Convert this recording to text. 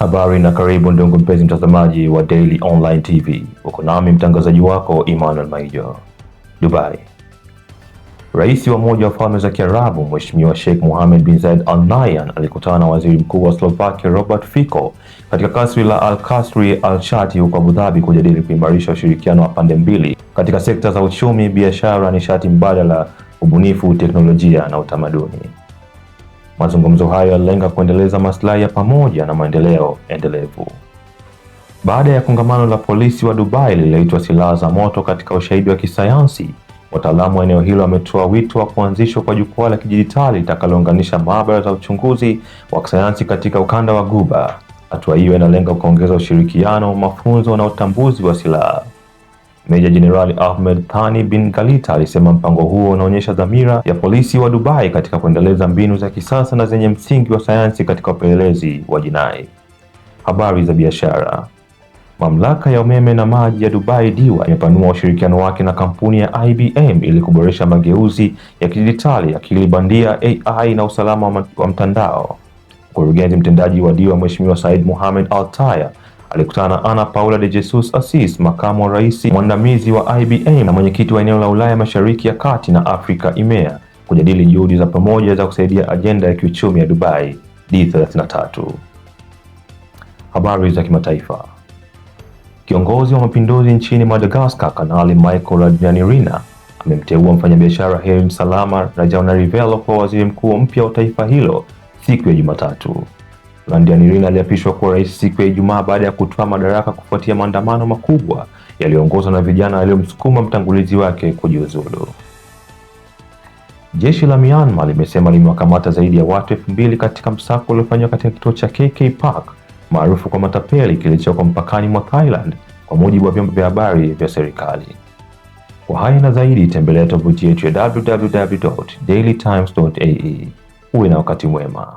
Habari na karibu ndugu mpenzi mtazamaji wa Daily Online TV, uko nami mtangazaji wako Emmanuel Maijo. Dubai. Rais wa Umoja wa Falme za Kiarabu Mheshimiwa Sheikh Mohammed bin Zayed Al Nahyan alikutana na Waziri Mkuu wa Slovakia Robert Fico katika kasri la Al Kasri Al Shati huko Abu Dhabi kujadili kuimarisha ushirikiano wa pande mbili katika sekta za uchumi, biashara, nishati mbadala, ubunifu, teknolojia na utamaduni. Mazungumzo hayo yalilenga kuendeleza maslahi ya pamoja na maendeleo endelevu. Baada ya kongamano la polisi wa Dubai lililoitwa silaha za moto katika ushahidi wa kisayansi, wataalamu wa eneo hilo wametoa wito wa kuanzishwa kwa jukwaa la kidijitali litakalounganisha maabara za uchunguzi wa kisayansi katika ukanda wa guba Hatua hiyo inalenga kuongeza ushirikiano, mafunzo na utambuzi wa silaha. Meja Jenerali Ahmed Thani bin Galita alisema mpango huo unaonyesha dhamira ya polisi wa Dubai katika kuendeleza mbinu za kisasa na zenye msingi wa sayansi katika upelelezi wa jinai. Habari za biashara. Mamlaka ya umeme na maji ya Dubai DIWA imepanua ushirikiano wake na kampuni ya IBM ili kuboresha mageuzi ya kidijitali, akili bandia, AI na usalama wa mtandao. Mkurugenzi mtendaji wa DIWA Mheshimiwa Said Mohamed Tayer alikutana na Ana Paula de Jesus Assis, makamu wa rais mwandamizi wa IBA na mwenyekiti wa eneo la Ulaya Mashariki ya Kati na Afrika IMEA kujadili juhudi za pamoja za kusaidia ajenda ya kiuchumi ya Dubai D33. Habari za kimataifa. Kiongozi wa mapinduzi nchini Madagascar, Kanali Michael Randrianirina amemteua mfanyabiashara Halim Salama Rajaonarivelo kwa waziri mkuu mpya wa taifa hilo siku ya Jumatatu. Gandhianirina aliapishwa kuwa rais siku ya Ijumaa baada ya kutoa madaraka kufuatia maandamano makubwa yaliyoongozwa na vijana waliomsukuma mtangulizi wake kujiuzulu. Jeshi la Myanmar limesema limewakamata zaidi ya watu elfu mbili katika msako uliofanywa katika kituo cha KK Park maarufu kwa matapeli kilichoko mpakani mwa Thailand, kwa mujibu wa vyombo vya habari vya serikali. Kwa haya na zaidi, tembelea tovuti yetu ya www.dailytimes.ae. Uwe na wakati mwema.